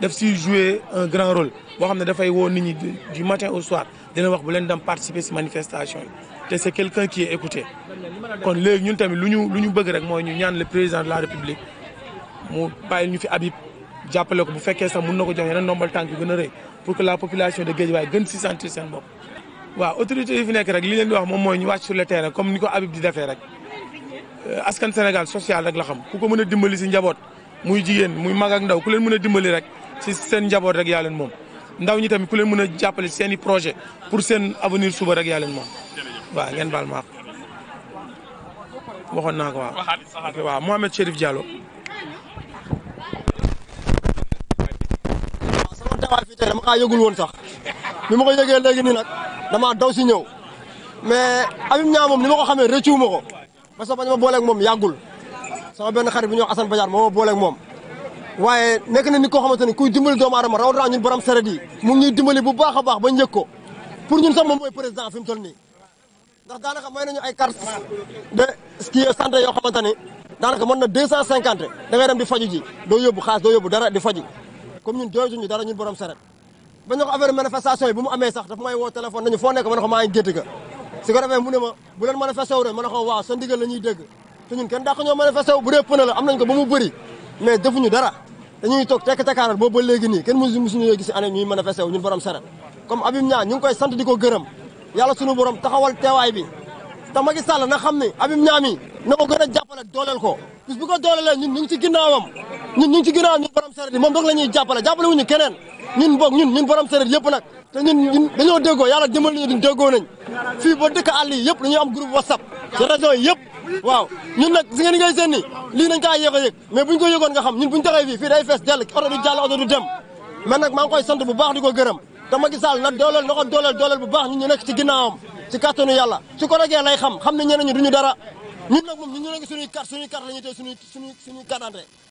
daf siy un grand rôle boo xam ne dafay woo nit ni du matin au soir dina wax bu leen participer si manifestation yi c'est quelqu'un qui est écouté kon léegi ñun tamit lu ñu lu ñu bëgg rek ñu ñaan le président de la république mu bàyyi ñu fi Habib J'appelle ko bu fekkee sax mun na ko jox yeneen ndombal tànk yu gën a pour que la population de Guédiawaye gën si sentir seen bopp. Wa autorité yi fi nekk rek li leen di wax moom mooy ñu wàcc sur le terrain comme ni Habib di defee rek euh, askan Sénégal social rek la xam ku ko mën a dimbali si njaboot muy jigéen muy mag ak ndaw ku leen mën dimbali rek. si seen njaboot rek yaa leen moom ndaw ñi tamit ku leen mën a jàppale seen i projet pour seen avenir suba rek yaa leen moom waaw ngeen baal ma waxoon naa ko waaw waaw Mohamed cherif Diallo sama tawaay fii tey dama kaa yëgul woon sax bi ma ko yëgee léegi nii nag dama daw si ñëw mais Habib Niang moom ni ma ko xamee rëccuwuma ko parce que bañ ma booleeg moom yàggul sama benn xarit bu ñuy wax Assane Badiane moo ma booleeg moom waaye nekk na nit koo xamante ni kuy dimbali doomu aadama rawatina ñun borom saret yi mu ngi dimbali bu baax a baax bañ yëg ko pour ñun sax moom mooy président fi mu toll nii ndax daanaka may nañu ay carte de na deux cent cinquante da ngay dem di faju ji doo yóbbu xaalis doo yóbbu dara di faju comme ñun doyatuñu dara ñun borom saret ba ñu ko affaire yi bu mu amee sax daf may woo téléphone nañu foo nekk ma ne ko maa ngi gétt ga si ko defee mu ne ma bu leen manifesté ma ne waaw sa la ñuy dégg te ñun dañuy toog tekk tekkaaral boobu ba léegi nii kenn mësu mësuñu gis année ñuy manifesté wu borom saret comme Habib Niang ñu koy sant di ko gërëm yàlla sunu borom taxawal teewaay bi te Macky Sall na xam ne Habib mi na ko gën a ko bis bu ko doolelee ñun ñu ngi ci ginnaawam ñun ñu ngi ci ginnaawam ñun borom saret moom doog la ñuy jàppale wuñu keneen ñun boog ñun ñun borom saret yëpp nag te ñun ñun dañoo déggoo yàlla dimbali ñu fii ba dëkk àll yi yëpp dañoo am groupe whatsapp ci région yi waaw ñun nag si ngeen ngay seen ni lii nañ kaa yéex a yëg mais buñ ko yëgoon nga xam ñun buñ taxee fii fii day fees dell oto du jàll oto du dem mais nag maa ngi koy bu baax di ko gërëm te Macky Sall na dooleel na ko dooleel dooleel bu baax ñun ñu nekk ci ginnaawam ci kàttanu yàlla su ko regee lay xam xam ne ñeneen ñi duñu dara ñun nag moom ñu ngi suñuy carte suñuy carte la ñuy tey suñuy suñuy suñuy carte